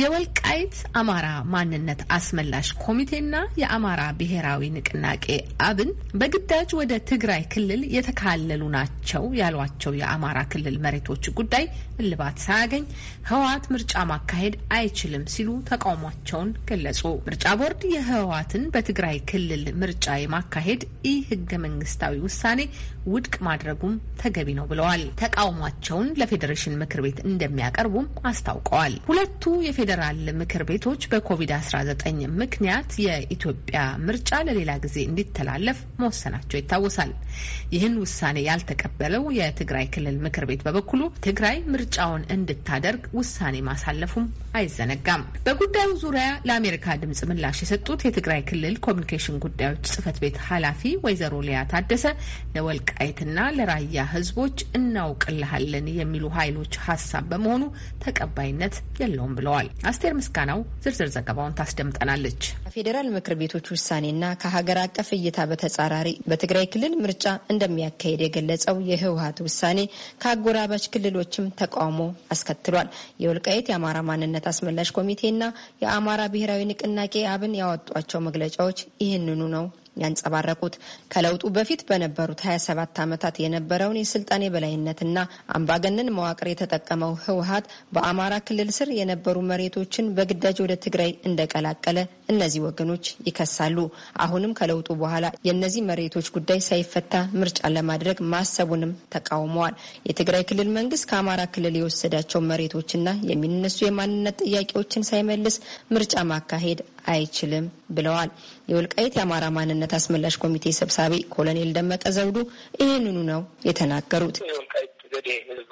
የወልቃይት አማራ ማንነት አስመላሽ ኮሚቴና የአማራ ብሔራዊ ንቅናቄ አብን በግዳጅ ወደ ትግራይ ክልል የተካለሉ ናቸው ያሏቸው የአማራ ክልል መሬቶች ጉዳይ እልባት ሳያገኝ ህወሀት ምርጫ ማካሄድ አይችልም ሲሉ ተቃውሟቸውን ገለጹ። ምርጫ ቦርድ የህወሀትን በትግራይ ክልል ምርጫ የማካሄድ ኢ ህገ መንግስታዊ ውሳኔ ውድቅ ማድረጉም ተገቢ ነው ብለዋል። ተቃውሟቸውን ለፌዴሬሽን ምክር ቤት እንደሚያቀርቡም አስታውቀዋል። ሁለቱ የፌዴራል ምክር ቤቶች በኮቪድ-19 ምክንያት የኢትዮጵያ ምርጫ ለሌላ ጊዜ እንዲተላለፍ መወሰናቸው ይታወሳል። ይህን ውሳኔ ያልተቀበለው የትግራይ ክልል ምክር ቤት በበኩሉ ትግራይ ምርጫውን እንድታደርግ ውሳኔ ማሳለፉም አይዘነጋም። በጉዳዩ ዙሪያ ለአሜሪካ ድምጽ ምላሽ የሰጡት የትግራይ ክልል ኮሚኒኬሽን ጉዳዮች ጽህፈት ቤት ኃላፊ ወይዘሮ ሊያ ታደሰ ለወልቃይትና ለራያ ህዝቦች እናውቅልሃለን የሚሉ ኃይሎች ሀሳብ በመሆኑ ተቀባይነት የለውም ብለዋል። አስቴር ምስጋናው ዝርዝር ዘገባውን ታስደምጠናለች። ከፌዴራል ምክር ቤቶች ውሳኔና ከሀገር አቀፍ እይታ በተጻራሪ በትግራይ ክልል ምርጫ እንደሚያካሄድ የገለጸው የህወሀት ውሳኔ ከአጎራባች ክልሎችም ተቃውሞ አስከትሏል። የወልቃይት የአማራ ማንነት አስመላሽ ኮሚቴና የአማራ ብሔራዊ ንቅናቄ አብን ያወጧቸው መግለጫዎች ይህንኑ ነው ያንጸባረቁት ከለውጡ በፊት በነበሩት 27 ዓመታት የነበረውን የስልጣኔ በላይነትና አምባገነን መዋቅር የተጠቀመው ህወሀት በአማራ ክልል ስር የነበሩ መሬቶችን በግዳጅ ወደ ትግራይ እንደቀላቀለ እነዚህ ወገኖች ይከሳሉ። አሁንም ከለውጡ በኋላ የእነዚህ መሬቶች ጉዳይ ሳይፈታ ምርጫ ለማድረግ ማሰቡንም ተቃውመዋል። የትግራይ ክልል መንግስት ከአማራ ክልል የወሰዳቸው መሬቶችና የሚነሱ የማንነት ጥያቄዎችን ሳይመልስ ምርጫ ማካሄድ አይችልም ብለዋል። የወልቃይት የአማራ ማንነት አስመላሽ ኮሚቴ ሰብሳቢ ኮሎኔል ደመቀ ዘውዱ ይህንኑ ነው የተናገሩት። የወልቃይት ህዝቡ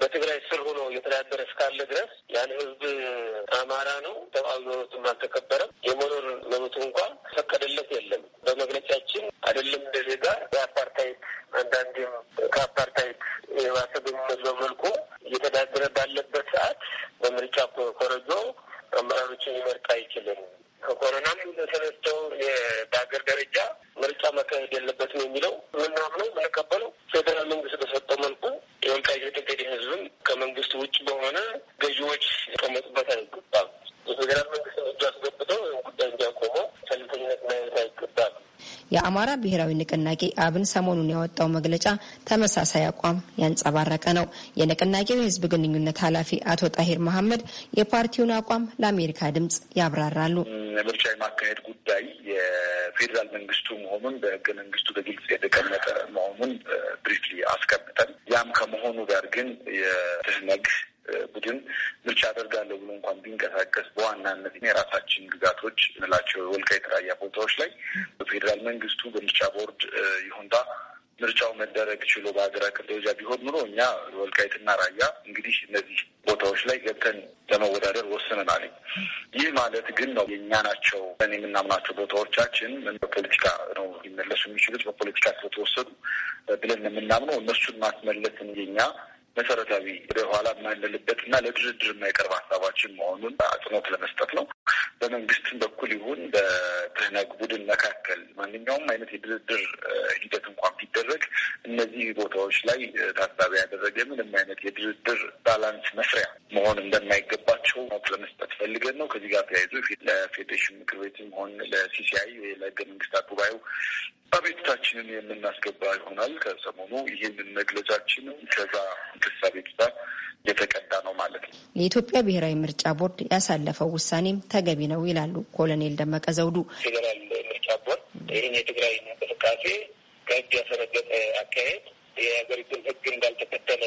በትግራይ ስር ሆኖ እየተዳደረ እስካለ ድረስ ያን ህዝብ አማራ ነው፣ ሰብአዊ መብቱም አልተከበረም። የመኖር መብቱ እንኳ አይችልም። ከኮሮናም ተነስቶ በሀገር ደረጃ ምርጫ መካሄድ የለበትም የሚለው የምናምነው የምንቀበለው ፌዴራል መንግስት በሰጠው መልኩ የወልቃይት ጠገዴ ህዝብም ከመንግስት ውጭ በሆነ ገዢዎች ተቀመጡበት አይገ የአማራ ብሔራዊ ንቅናቄ አብን ሰሞኑን ያወጣው መግለጫ ተመሳሳይ አቋም ያንጸባረቀ ነው። የንቅናቄው የህዝብ ግንኙነት ኃላፊ አቶ ጣሂር መሐመድ የፓርቲውን አቋም ለአሜሪካ ድምጽ ያብራራሉ። ምርጫ የማካሄድ ጉዳይ የፌዴራል መንግስቱ መሆኑን በህገ መንግስቱ በግልጽ የተቀመጠ መሆኑን ብሪፍሊ አስቀምጠን ያም ከመሆኑ ጋር ግን የትህነግ ቡድን ምርጫ አደርጋለሁ ብሎ እንኳን ቢንቀሳቀስ በዋናነት የራሳችን ግዛቶች እንላቸው ወልቃይት ራያ ቦታዎች ላይ በፌዴራል መንግስቱ በምርጫ ቦርድ ይሁንታ ምርጫው መደረግ ችሎ በሀገር አቀፍ ደረጃ ቢሆን ኑሮ እኛ ወልቃይትና ራያ እንግዲህ እነዚህ ቦታዎች ላይ ገብተን ለመወዳደር ወስነናል። ይህ ማለት ግን ነው የእኛ ናቸው ን የምናምናቸው ቦታዎቻችን በፖለቲካ ነው ሊመለሱ የሚችሉት በፖለቲካ ስለተወሰዱ ብለን የምናምነው እነሱን ማስመለስን የኛ መሰረታዊ ወደ ኋላ የማንልበት እና ለድርድር የማይቀርብ ሀሳባችን መሆኑን አጽንኦት ለመስጠት ነው። በመንግስትም በኩል ይሁን በትህነግ ቡድን መካከል ማንኛውም አይነት የድርድር ሂደት እንኳን ቢደረግ እነዚህ ቦታዎች ላይ ታሳቢ ያደረገ ምንም አይነት የድርድር ባላንስ መስሪያ መሆን እንደማይገባቸው ለመስጠት ፈልገን ነው። ከዚህ ጋር ተያይዞ ለፌዴሬሽን ምክር ቤትም ሆን ለሲሲአይ ለህገ መንግስታት ጉባኤው አቤቱታችንን የምናስገባ ይሆናል። ከሰሞኑ ይህንን መግለጫችንም ከዛ ክስ አቤቱታ የተቀዳ ነው ማለት ነው። የኢትዮጵያ ብሔራዊ ምርጫ ቦርድ ያሳለፈው ውሳኔም ተገ ተገቢ ነው ይላሉ ኮሎኔል ደመቀ ዘውዱ። ፌዴራል ምርጫ ቦርድ ይህን የትግራይ እንቅስቃሴ ከህግ ያፈነገጠ አካሄድ የሀገሪቱን ህግ እንዳልተከተለ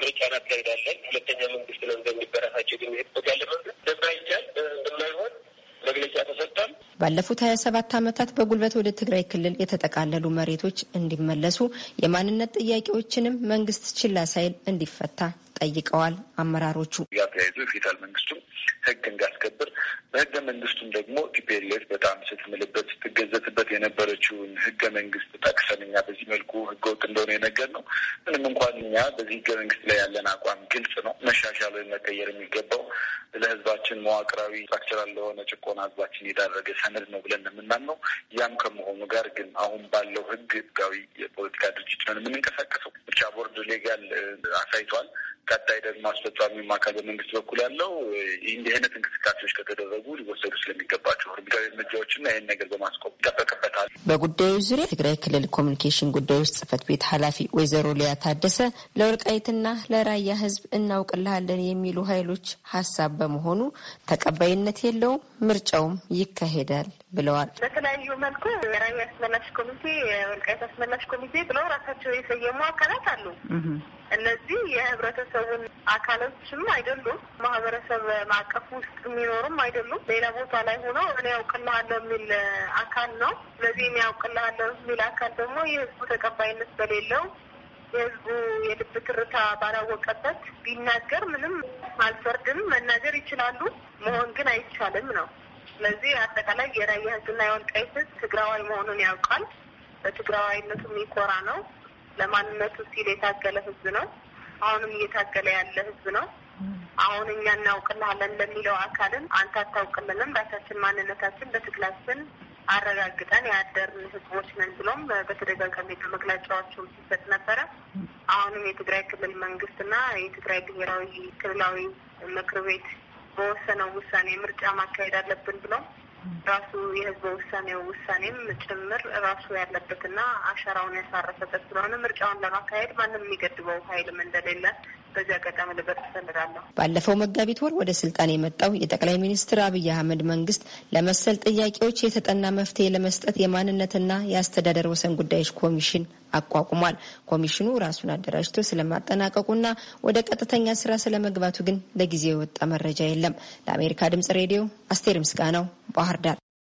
ምርጫ እናካሄዳለን፣ ሁለተኛ መንግስት ነው እንደሚበራሳቸው የሚሄድበት ያለ መንግስት እንደማይቻል እንደማይሆን መግለጫ ተሰጥቷል። ባለፉት ሀያ ሰባት ዓመታት በጉልበት ወደ ትግራይ ክልል የተጠቃለሉ መሬቶች እንዲመለሱ የማንነት ጥያቄዎችንም መንግስት ችላ ሳይል እንዲፈታ ጠይቀዋል አመራሮቹ። ያተያይዙ የፌዴራል መንግስቱም ህግ እንዳስከብር በህገ መንግስቱም ደግሞ ቲፒኤልኤፍ በጣም ስትምልበት ስትገዘትበት የነበረችውን ህገ መንግስት ጠቅሰን እኛ በዚህ መልኩ ወጥ እንደሆነ የነገር ነው። ምንም እንኳን እኛ በዚህ ህገ መንግስት ላይ ያለን አቋም ግልጽ ነው። መሻሻል ወይም መቀየር የሚገባው ለህዝባችን መዋቅራዊ ስትራክቸራል ለሆነ ጭቆና ህዝባችን የዳረገ ሰነድ ነው ብለን የምናምነው። ያም ከመሆኑ ጋር ግን አሁን ባለው ህግ ህጋዊ የፖለቲካ ድርጅት ነን የምንንቀሳቀሰው። ምርጫ ቦርድ ሌጋል አሳይቷል። ቀጣይ ደግሞ አስፈጻሚ አካል በመንግስት በኩል ያለው እንዲህ አይነት እንቅስቃሴዎች ከተደረጉ ሊወሰዱ ስለሚገባቸው እርምጃዊ እርምጃዎችና ይህን ነገር በማስቆም ይጠበቅበታል። በጉዳዩ ዙሪያ የትግራይ ክልል ኮሚኒኬሽን ጉዳዮች ጽህፈት ቤት ኃላፊ ወይዘሮ ሊያ ታደሰ ለወልቃይትና ለራያ ህዝብ እናውቅልሃለን የሚሉ ኃይሎች ሀሳብ በመሆኑ ተቀባይነት የለውም፣ ምርጫውም ይካሄዳል ብለዋል። በተለያዩ መልኩ የራያ አስመላሽ ኮሚቴ፣ የወልቃይት አስመላሽ ኮሚቴ ብለው ራሳቸው የሰየሙ አካላት አሉ። እነዚህ የህብረተሰቡን አካሎችም አይደሉም። ማህበረሰብ ማዕቀፍ ውስጥ የሚኖሩም አይደሉም። ሌላ ቦታ ላይ ሆነው እኔ ያውቅልሃለሁ የሚል አካል ነው። ስለዚህ የሚያውቅልሃል ለሚል አካል ደግሞ የህዝቡ ተቀባይነት በሌለው የህዝቡ የልብ ትርታ ባላወቀበት ቢናገር ምንም አልፈርድም። መናገር ይችላሉ፣ መሆን ግን አይቻልም ነው። ስለዚህ አጠቃላይ የራያ ህዝብና የወልቃይት ህዝብ ትግራዋይ መሆኑን ያውቃል። በትግራዋይነቱ የሚኮራ ነው። ለማንነቱ ሲል የታገለ ህዝብ ነው። አሁንም እየታገለ ያለ ህዝብ ነው። አሁን እኛ እናውቅልሃለን ለሚለው አካልም አንተ አታውቅልንም፣ ራሳችን ማንነታችን በትግላችን አረጋግጠን ያደርን ህዝቦች ነን ብሎም በተደጋጋሚ በመግለጫዎችም ሲሰጥ ነበረ። አሁንም የትግራይ ክልል መንግስትና የትግራይ ብሔራዊ ክልላዊ ምክር ቤት በወሰነው ውሳኔ ምርጫ ማካሄድ አለብን ብሎም ራሱ የህዝበ ውሳኔው ውሳኔም ጭምር ራሱ ያለበትና አሻራውን ያሳረፈበት ስለሆነ ምርጫውን ለማካሄድ ማንም የሚገድበው ኃይልም እንደሌለ በዚህ አጋጣሚ ልበት ትፈልጋለሁ። ባለፈው መጋቢት ወር ወደ ስልጣን የመጣው የጠቅላይ ሚኒስትር አብይ አህመድ መንግስት ለመሰል ጥያቄዎች የተጠና መፍትሄ ለመስጠት የማንነትና የአስተዳደር ወሰን ጉዳዮች ኮሚሽን አቋቁሟል። ኮሚሽኑ ራሱን አደራጅቶ ስለማጠናቀቁና ወደ ቀጥተኛ ስራ ስለመግባቱ ግን ለጊዜው የወጣ መረጃ የለም። ለአሜሪካ ድምጽ ሬዲዮ አስቴር ምስጋናው ባህር ዳር